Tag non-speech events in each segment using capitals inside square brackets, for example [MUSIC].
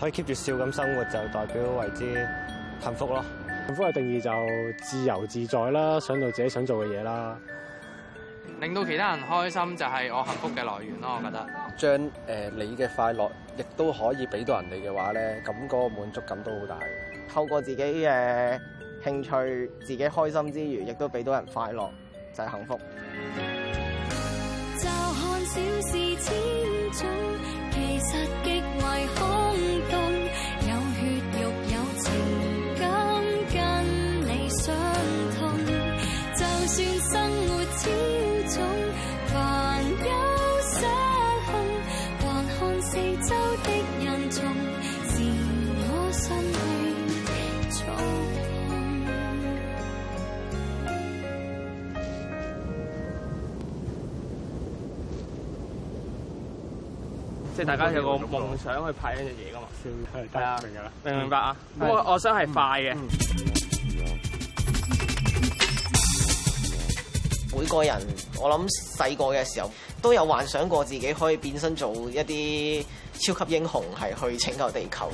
可以 keep 住笑咁生活就代表為之幸福咯。幸福嘅定義就自由自在啦，想做自己想做嘅嘢啦。令到其他人開心就係我幸福嘅來源咯，我覺得。將、呃、你嘅快樂亦都可以俾到人哋嘅話咧，咁嗰個滿足感都好大。透過自己嘅、呃、興趣，自己開心之餘，亦都俾到人快樂就係幸福。就看小事前即係大家有個夢想去拍呢樣嘢噶嘛？係、嗯、啊，明唔明白啊？我我想係快嘅、嗯嗯。每個人，我諗細個嘅時候都有幻想過自己可以變身做一啲超級英雄，係去拯救地球。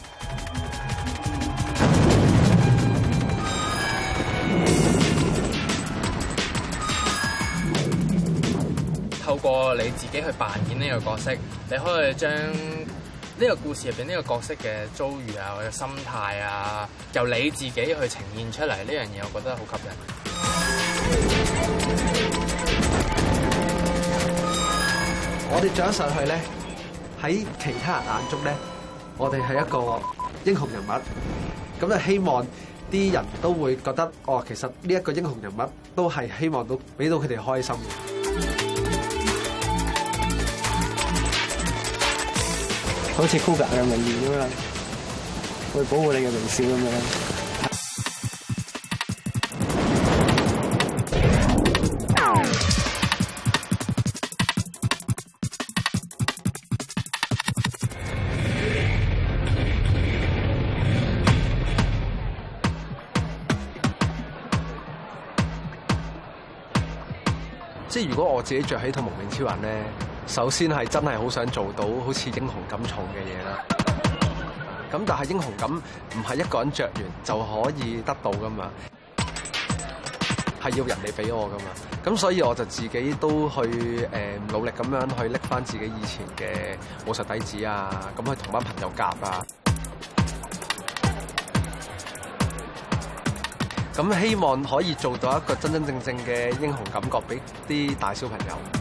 透過你自己去扮演呢個角色，你可以將呢個故事入邊呢個角色嘅遭遇啊，或者心態啊，由你自己去呈現出嚟呢樣嘢，我覺得好吸引。我哋著上去咧，喺其他人眼中咧，我哋係一個英雄人物。咁就希望啲人都會覺得，哦，其實呢一個英雄人物都係希望到俾到佢哋開心嘅。好似酷格咁容易咁樣，會保護你嘅微笑咁樣。即係如果我自己着起套幪面超人咧，首先係真係好想做到好似英雄咁重嘅嘢啦，咁但係英雄感唔係一個人著完就可以得到噶嘛，係要人哋俾我噶嘛，咁所以我就自己都去誒努力咁樣去拎翻自己以前嘅武術底子啊，咁去同班朋友夾啊，咁希望可以做到一個真真正正嘅英雄感覺俾啲大小朋友。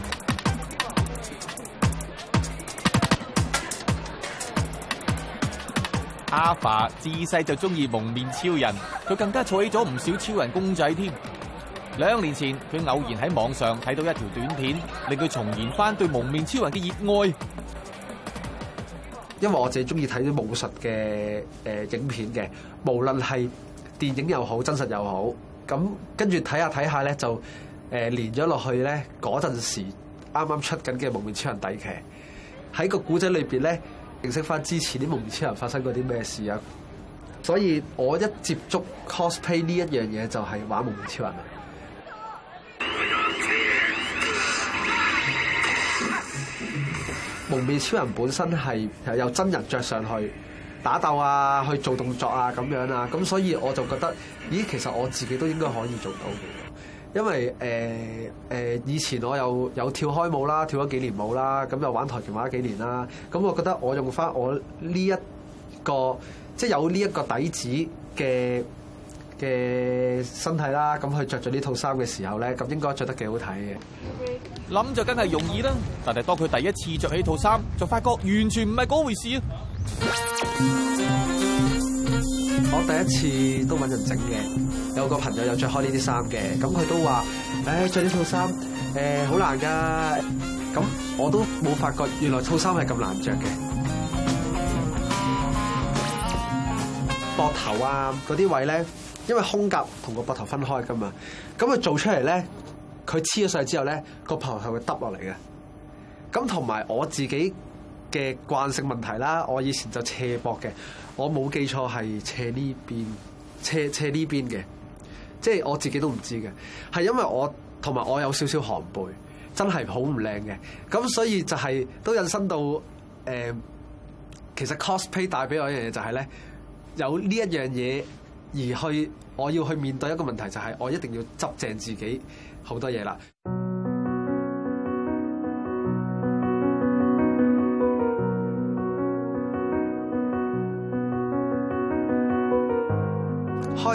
阿華自細就中意蒙面超人，佢更加坐起咗唔少超人公仔添。兩年前，佢偶然喺網上睇到一條短片，令佢重燃翻對蒙面超人嘅熱愛。因為我淨係中意睇啲武術嘅誒影片嘅，無論係電影又好，真實又好，咁跟住睇下睇下咧就誒連咗落去咧，嗰陣時啱啱出緊嘅蒙面超人底劇喺個故仔裏邊咧。認識翻之前啲幪面超人發生過啲咩事啊！所以我一接觸 cosplay 呢一樣嘢，就係玩幪面超人啊。幪面超人本身係有真人着上去打鬥啊，去做動作啊，咁樣啊，咁所以我就覺得，咦，其實我自己都應該可以做到嘅。因為誒誒、呃呃、以前我有有跳開舞啦，跳咗幾年舞啦，咁又玩跆拳玩咗幾年啦，咁我覺得我用返我呢、這、一個即係、就是、有呢一個底子嘅嘅身體啦，咁去着咗呢套衫嘅時候咧，咁應該着得幾好睇嘅。諗就梗係容易啦，但係當佢第一次着起套衫，就發覺完全唔係嗰回事啊！Okay. 我第一次都搵人整嘅。有個朋友又着開呢啲衫嘅，咁佢都話，唉、哎，著呢套衫，呃，好難㗎。咁我都冇發覺，原來套衫係咁難着嘅。膊頭啊，嗰啲位咧，因為胸甲同個膊頭分開㗎嘛。咁佢做出嚟咧，佢黐咗晒之後咧，個膊頭係會耷落嚟嘅。咁同埋我自己嘅慣性問題啦，我以前就斜膊嘅，我冇記錯係斜呢邊，斜斜呢邊嘅。即係我自己都唔知嘅，係因為我同埋我有少少寒背，真係好唔靚嘅。咁所以就係都引申到誒、呃，其實 cosplay 帶俾我一樣嘢就係、是、咧，有呢一樣嘢而去我要去面對一個問題，就係我一定要執正自己好多嘢啦。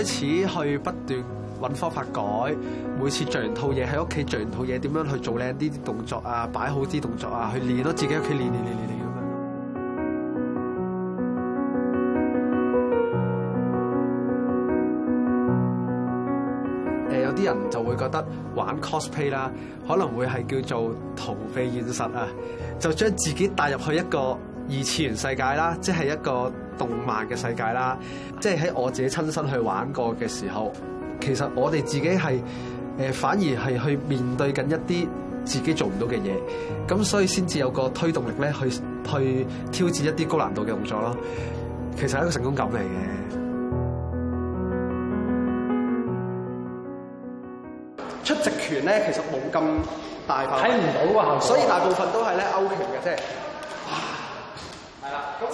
開始去不斷揾方法改，每次着完套嘢喺屋企，着完套嘢點樣去做靚啲啲動作啊，擺好啲動作啊，去練咯，自己屋企練練練練練咁樣。誒， [MUSIC] [MUSIC] 有啲人就會覺得玩 cosplay 啦，可能會係叫做逃避現實啊，就將自己帶入去一個二次元世界啦，即係一個動漫嘅世界啦，即係喺我自己親身去玩過嘅時候，其實我哋自己係誒反而係去面對緊一啲自己做唔到嘅嘢，咁所以先至有個推動力咧，去去挑戰一啲高難度嘅動作咯。其實係一個成功感嚟嘅。出直拳咧，其實冇咁大範圍，睇唔到喎，所以大部分都係咧勾拳嘅，即係。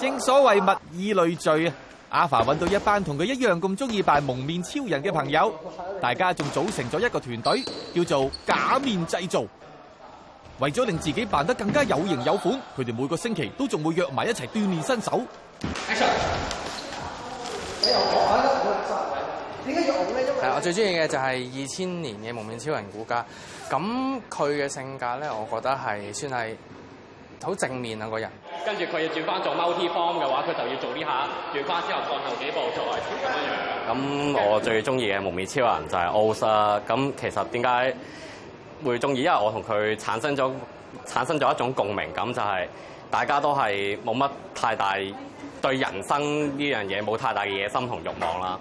正所謂物以類聚啊！阿法揾到一班同佢一樣咁中意扮蒙面超人嘅朋友，大家仲組成咗一個團隊，叫做假面製造。為咗令自己扮得更加有型有款，佢哋每個星期都仲會約埋一齊鍛煉身手。係我最中意嘅就係二千年嘅蒙面超人古家，咁佢嘅性格咧，我覺得係算係。好正面啊！個人跟住佢要轉翻做 Multi Form 嘅話，佢就要做呢下轉翻之後放後幾步作為咁，我最中意嘅蒙面超人就係 Osa 啦，咁其實點解會中意？因為我同佢產生咗產生咗一種共鳴感。咁就係大家都係冇乜太大對人生呢樣嘢冇太大嘅野心同慾望啦。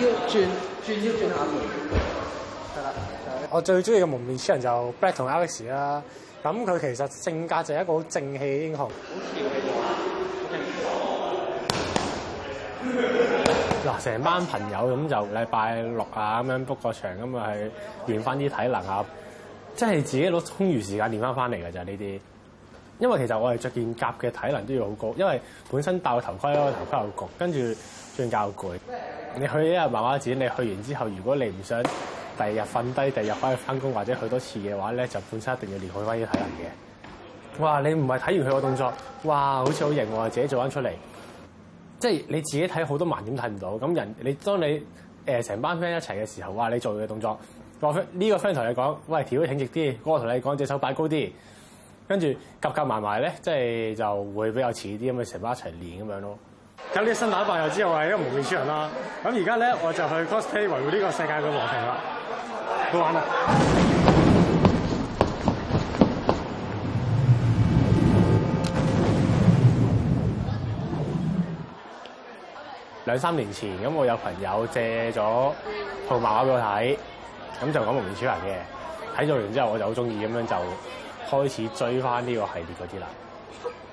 要轉轉，要轉下台，係啦。我最中意嘅蒙面超人就 Black 同 Alex 啦。咁佢其實性格就係一個好正氣嘅英雄。嗱，成班朋友咁就禮拜六啊咁樣 book 個場咁啊去練翻啲體能啊，即係自己攞充裕時間練翻翻嚟㗎咋呢啲。因為其實我係着件甲嘅體能都要好高，因為本身戴個頭盔咯，頭盔又焗，跟住仲較攰。你去一日漫畫展，你去完之後，如果你唔想～第二日瞓低，第二日可以翻工，或者去多次嘅話咧，就本身一定要練好翻啲體能嘅。哇！你唔係睇完佢個動作，哇，好似好型喎，自己做翻出嚟。即係你自己睇好多盲點睇唔到，咁人你當你誒成班 friend 一齊嘅時候，哇！你做嘅動作，我呢、呢個 friend 同你講，喂，條腰挺直啲，我同你講隻手擺高啲，跟住夾夾埋埋咧，即係就會比較遲啲咁，成班一齊練咁樣咯。有啲新打法又知我係一個幪面超人啦。咁而家咧，我就去 cosplay 維護呢個世界嘅和平啦。玩兩三年前，咁我有朋友借咗號碼俾我睇，咁就講幪面超人嘅。睇咗完之後，我就好中意咁樣就開始追翻呢個系列嗰啲啦。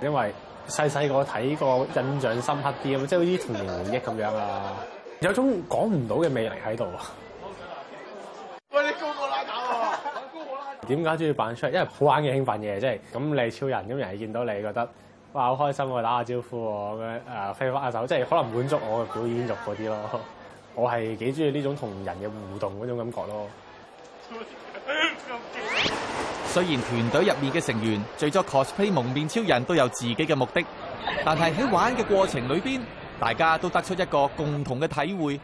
因為細細個睇過，印象深刻啲咁，即係好似《童年回憶》咁樣啊，有種講唔到嘅魅力喺度。點解中意扮出嚟？因為好玩嘅興奮嘢，即係咁你超人咁，人係見到你覺得哇好開心喎，我打下招呼喎咁樣誒揮翻下手，即係可能滿足我嘅表演欲嗰啲咯。我係幾中意呢種同人嘅互動嗰種感覺咯。雖然團隊入面嘅成員最初 cosplay 幪面超人都有自己嘅目的，但係喺玩嘅過程裏面，大家都得出一個共同嘅體會。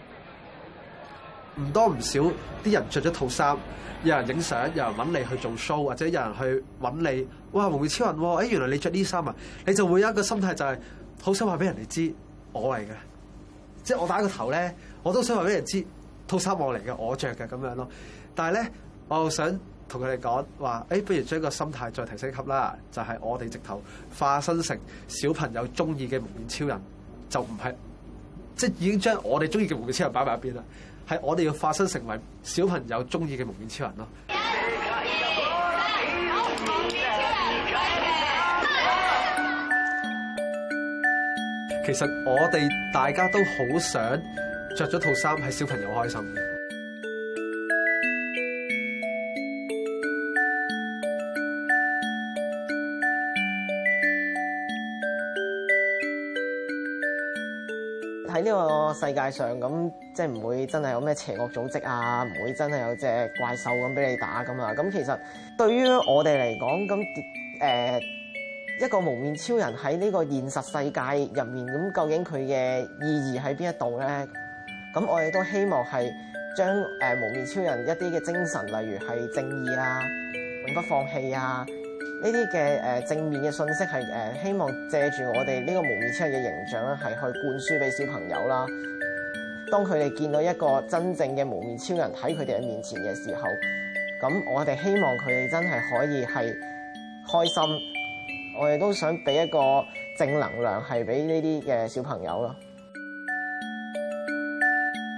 唔多唔少啲人着咗套衫，有人影相，有人揾你去做 show，或者有人去揾你。哇，幪面超人，誒，原來你着呢衫啊！你就會有一個心態就係，好想話俾人哋知，我嚟嘅，即係我打個頭咧，我都想話俾人知，套衫我嚟嘅，我着嘅咁樣咯。但係咧，我又想同佢哋講話，誒，不如將個心態再提升級啦，就係我哋直頭化身成小朋友中意嘅幪面超人，就唔係，即係已經將我哋中意嘅幪面超人擺埋一邊啦。係我哋要化身成為小朋友中意嘅幪面超人咯。其實我哋大家都好想着咗套衫，係小朋友開心。世界上咁即係唔會真係有咩邪惡組織啊，唔會真係有隻怪獸咁俾你打噶啊，咁其實對於我哋嚟講，咁誒、呃、一個幪面超人喺呢個現實世界入面，咁究竟佢嘅意義喺邊一度咧？咁我哋都希望係將誒、呃、幪面超人一啲嘅精神，例如係正義啊、永不放棄啊。呢啲嘅誒正面嘅信息係誒希望借住我哋呢個幪面超人嘅形象咧，係去灌輸俾小朋友啦。當佢哋見到一個真正嘅幪面超人喺佢哋嘅面前嘅時候，咁我哋希望佢哋真係可以係開心。我哋都想俾一個正能量係俾呢啲嘅小朋友咯。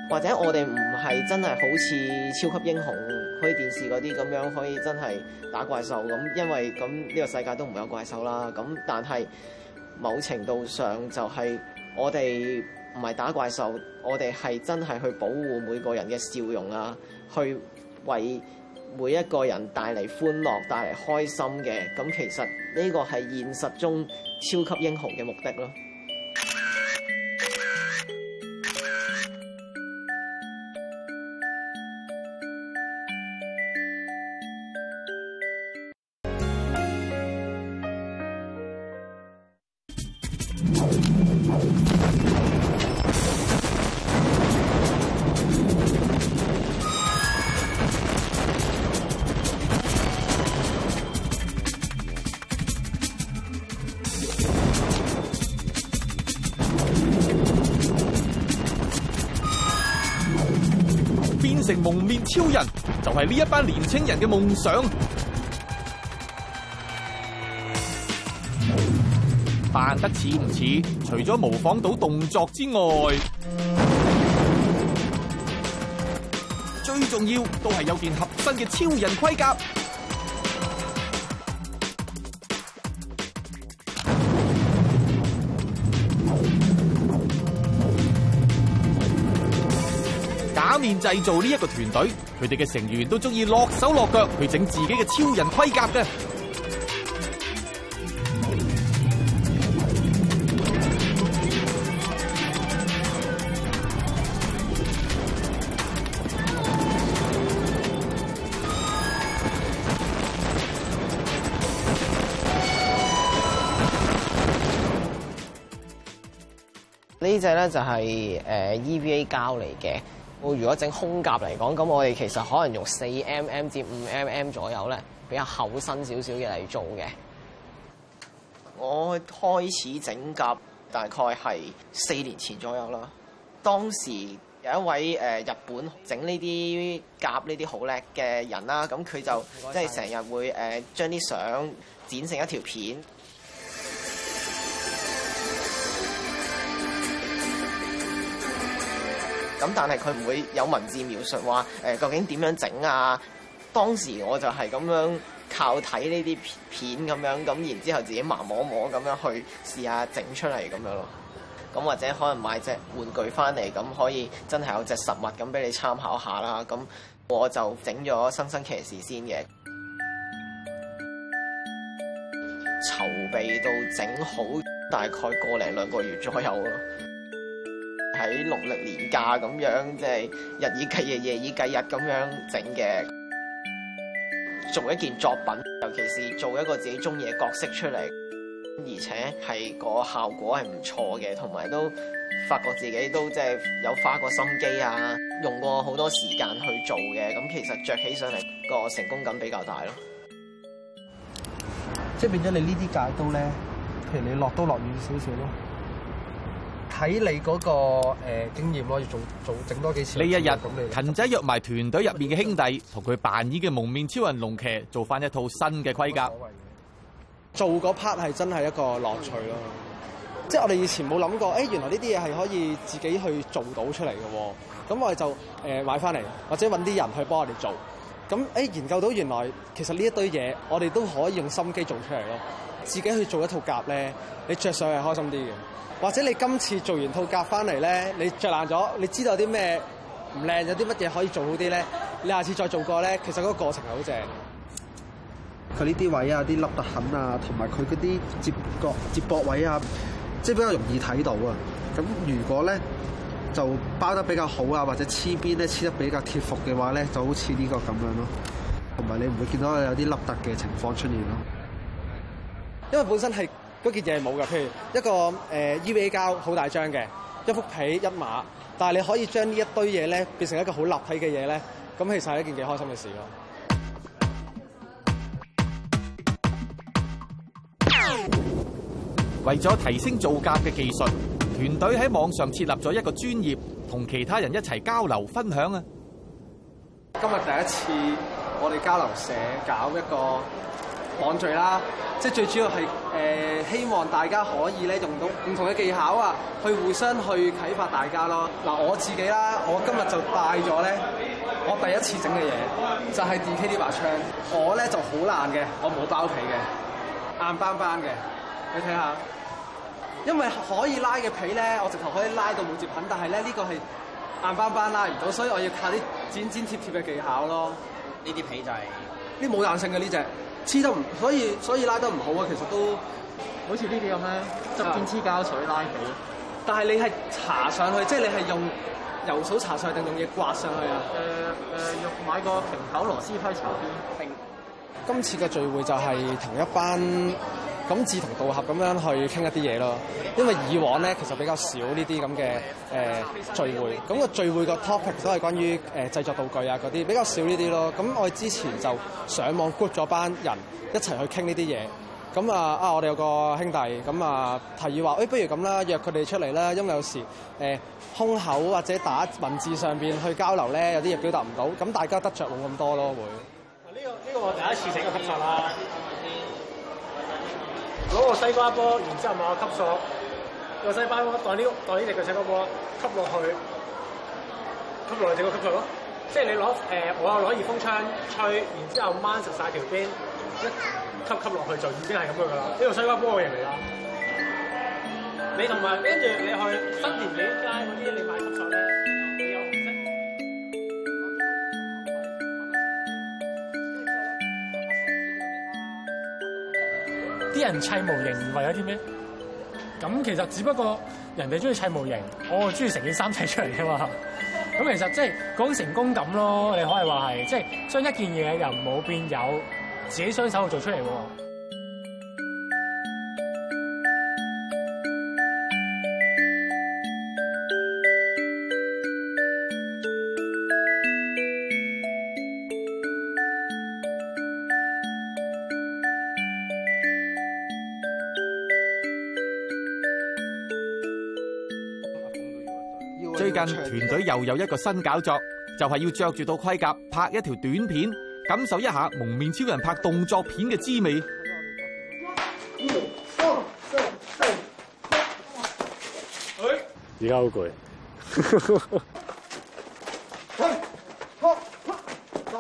或者我哋唔係真係好似超級英雄開電視嗰啲咁樣可以真係打怪獸，咁，因為咁呢個世界都唔會有怪獸啦。咁但係某程度上就係我哋唔係打怪獸，我哋係真係去保護每個人嘅笑容啊，去為每一個人帶嚟歡樂帶嚟開心嘅。咁其實呢個係現實中超級英雄嘅目的咯。幪面超人就係呢一班年青人嘅夢想，扮得似唔似？除咗模仿到動作之外，最重要都係有件合身嘅超人盔甲。製造呢一個團隊，佢哋嘅成員都中意落手落腳去整自己嘅超人盔甲嘅。呢隻咧就係誒 EVA 膠嚟嘅。我如果整空夾嚟講，咁我哋其實可能用四 mm 至五 mm 左右咧，比較厚身少少嘅嚟做嘅。我開始整夾大概係四年前左右啦。當時有一位誒日本整呢啲夾呢啲好叻嘅人啦，咁佢就謝謝即係成日會誒將啲相剪成一條片。咁但係佢唔會有文字描述話、欸、究竟點樣整啊？當時我就係咁樣靠睇呢啲片咁樣，咁然之後自己盲摸摸咁樣去試下整出嚟咁樣咯。咁或者可能買隻玩具翻嚟，咁可以真係有隻實物咁俾你參考下啦。咁我就整咗《新生騎士》先嘅，籌備到整好大概個零兩個月左右咯。喺農曆年假咁樣，即係日以繼夜、夜以繼日咁樣整嘅，做一件作品，尤其是做一個自己中意嘅角色出嚟，而且係個效果係唔錯嘅，同埋都發覺自己都即係有花過心機啊，用過好多時間去做嘅，咁其實着起上嚟個成功感比較大咯。即係變咗你呢啲戒刀咧，譬如你落刀落遠少少咯。睇你嗰個誒經驗咯，要做做整多幾次呢一日。勤仔約埋團隊入面嘅兄弟，同佢扮演嘅蒙面超人龍騎，做翻一套新嘅規格。做嗰 part 係真係一個樂趣咯。嗯，即係我哋以前冇諗過，誒、哎、原來呢啲嘢係可以自己去做到出嚟嘅喎。咁我哋就、呃、買翻嚟，或者搵啲人去幫我哋做。咁誒、哎、研究到原來其實呢一堆嘢，我哋都可以用心機做出嚟咯。自己去做一套甲咧，你着上係開心啲嘅。或者你今次做完套甲翻嚟咧，你着爛咗，你知道有啲咩唔靚，有啲乜嘢可以做好啲咧？你下次再做過咧，其實嗰個過程係好正。佢呢啲位啊，啲凹凸痕啊，同埋佢嗰啲接角、接駁位啊，即係比較容易睇到啊。咁如果咧就包得比較好啊，或者黐邊咧黐得比較貼服嘅話咧，就好似呢個咁樣咯。同埋你唔會見到有啲凹凸嘅情況出現咯。因為本身係。嗰件嘢係冇㗎，譬如一個誒、呃、EVA 膠好大張嘅一幅皮一碼，但係你可以將呢一堆嘢咧變成一個好立體嘅嘢咧，咁其實係一件幾開心嘅事咯、啊。為咗提升造甲嘅技術，團隊喺網上設立咗一個專頁，同其他人一齊交流分享啊！今日第一次，我哋交流社搞一個。講敘啦，即係最主要係、呃、希望大家可以咧用到唔同嘅技巧啊，去互相去啟發大家咯。嗱、啊，我自己啦，我今日就帶咗咧，我第一次整嘅嘢就係、是、D K 呢把槍。我咧就好難嘅，我冇包皮嘅，硬邦邦嘅，你睇下。因為可以拉嘅皮咧，我直頭可以拉到冇接痕，但係咧呢、這個係硬邦邦拉唔到，所以我要靠啲剪剪貼貼嘅技巧咯。呢啲皮就係呢冇彈性嘅呢隻。黐得唔所以，所以拉得唔好啊，其實都好似呢啲咁咧，側邊黐膠水拉起。但係你係搽上去，即係你係用油掃搽上去定用嘢刮上去啊？誒、呃、誒，呃、用買個平口螺絲批搽邊。平。今次嘅聚會就係同一班。咁志同道合咁樣去傾一啲嘢咯，因為以往咧其實比較少呢啲咁嘅誒聚會，咁個聚會個 topic 都係關於誒製作道具啊嗰啲，比較少呢啲咯。咁我哋之前就上網 group 咗班人一齊去傾呢啲嘢。咁啊啊，我哋有個兄弟咁啊，提議話誒、哎，不如咁啦，約佢哋出嚟啦，因為有時誒、呃、胸口或者打文字上面去交流咧，有啲嘢表達唔到，咁大家得着冇咁多咯，會。呢個呢個我第一次整個集集啦。攞個西瓜波，然之後買個吸塑，個西瓜波當呢個當呢隻個西瓜波吸落去，吸落去，整個吸塑咯。即係你攞誒，我又攞熱風槍吹，然之後掹實曬條邊，吸吸落去就已經係咁樣㗎啦。呢個西瓜波嘅嘢嚟㗎。你同埋跟住你去新填地街嗰啲你買吸塑咧？人砌模型為咗啲咩？咁其實只不過人哋中意砌模型，我啊中意成件衫砌出嚟㗎嘛。咁其實即係講、嗰種、成功感咯，你可以話係即係將一件嘢由冇變有，自己雙手度做出嚟喎。最近團隊又有一個新搞作，就係要着住套盔甲拍一條短片，感受一下蒙面超人拍動作片嘅滋味。二、而家好攰。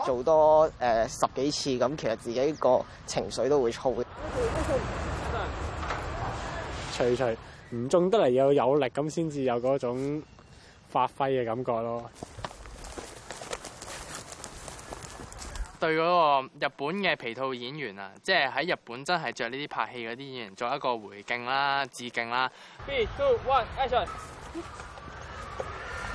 做多誒十幾次咁，其實自己個情緒都會燥嘅。除除唔中得嚟又有力咁，先至有嗰種發揮嘅感覺咯，對嗰個日本嘅皮套演員啊，即係喺日本真係着呢啲拍戲嗰啲演員做一個回敬啦、致敬啦。Three, two, one, action！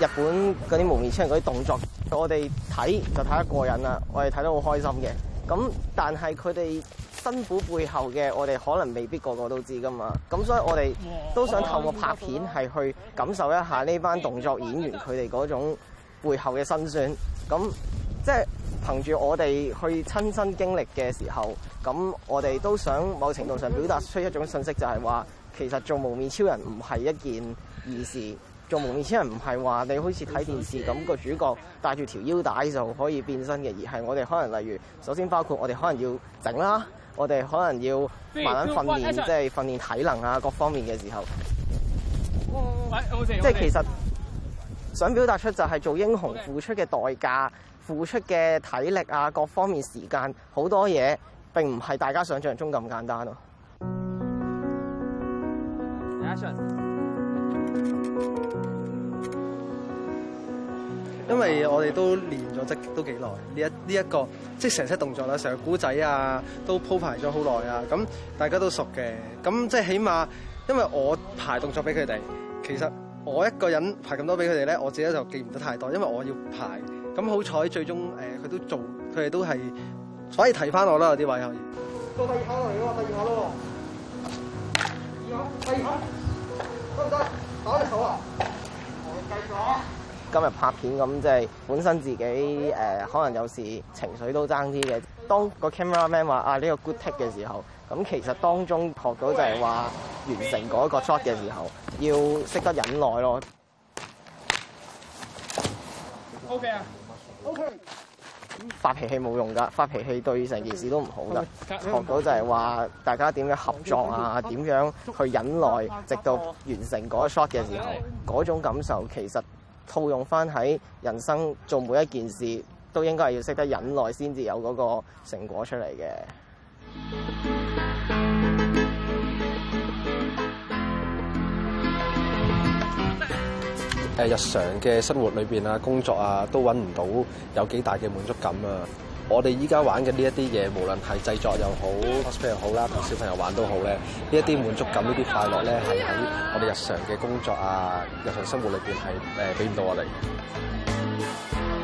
日本嗰啲幪面超人嗰啲動作，我哋睇就睇得過癮啦，我哋睇得好開心嘅。咁但係佢哋。辛苦背後嘅，我哋可能未必個個都知㗎嘛。咁所以，我哋都想透過拍片係去感受一下呢班動作演員佢哋嗰種背後嘅辛酸。咁即係憑住我哋去親身經歷嘅時候，咁我哋都想某程度上表達出一種信息就，就係話其實做幪面超人唔係一件易事。做幪面超人唔係話你好似睇電視咁，個主角戴住條腰帶就可以變身嘅，而係我哋可能例如首先包括我哋可能要整啦。我哋可能要慢慢訓練，即係訓練體能啊，各方面嘅時候。哦哦哦哦嗯嗯嗯嗯、即係其實想表達出就係做英雄付出嘅代價、付出嘅體力啊，各方面時間好多嘢，並唔係大家想像中咁簡單咯。嗯因為我哋都練咗即都幾耐，呢一呢一個即成出動作啦，成個古仔啊都鋪排咗好耐啊，咁、啊、大家都熟嘅，咁即起碼因為我排動作俾佢哋，其實我一個人排咁多俾佢哋咧，我自己就記唔得太多，因為我要排，咁好彩最終誒佢都做，佢哋都係可以提翻我啦，有啲位可以。到第二下咯，第二下咯。第二號，四號，得唔得？打隻手啊！今日拍片咁，即係本身自己誒、呃，可能有時情緒都爭啲嘅。當個 camera man 話啊呢、這個 good take 嘅時候，咁其實當中學到就係話完成嗰個 shot 嘅時候，要識得忍耐咯。O K 啊，O K。發脾氣冇用㗎，發脾氣對成件事都唔好㗎。學到就係話大家點樣合作啊，點樣去忍耐，直到完成嗰個 shot 嘅時候，嗰種感受其實。套用翻喺人生做每一件事，都應該係要識得忍耐先至有嗰個成果出嚟嘅。誒，日常嘅生活裏邊啊，工作啊，都揾唔到有幾大嘅滿足感啊！我哋依家玩嘅呢一啲嘢，無論係製作又好，cosplay 又好啦，同 [MUSIC] 小朋友玩都好咧，呢一啲滿足感，呢啲 [MUSIC] 快樂咧，係喺我哋日常嘅工作啊、日常生活裏邊係誒俾唔到我哋。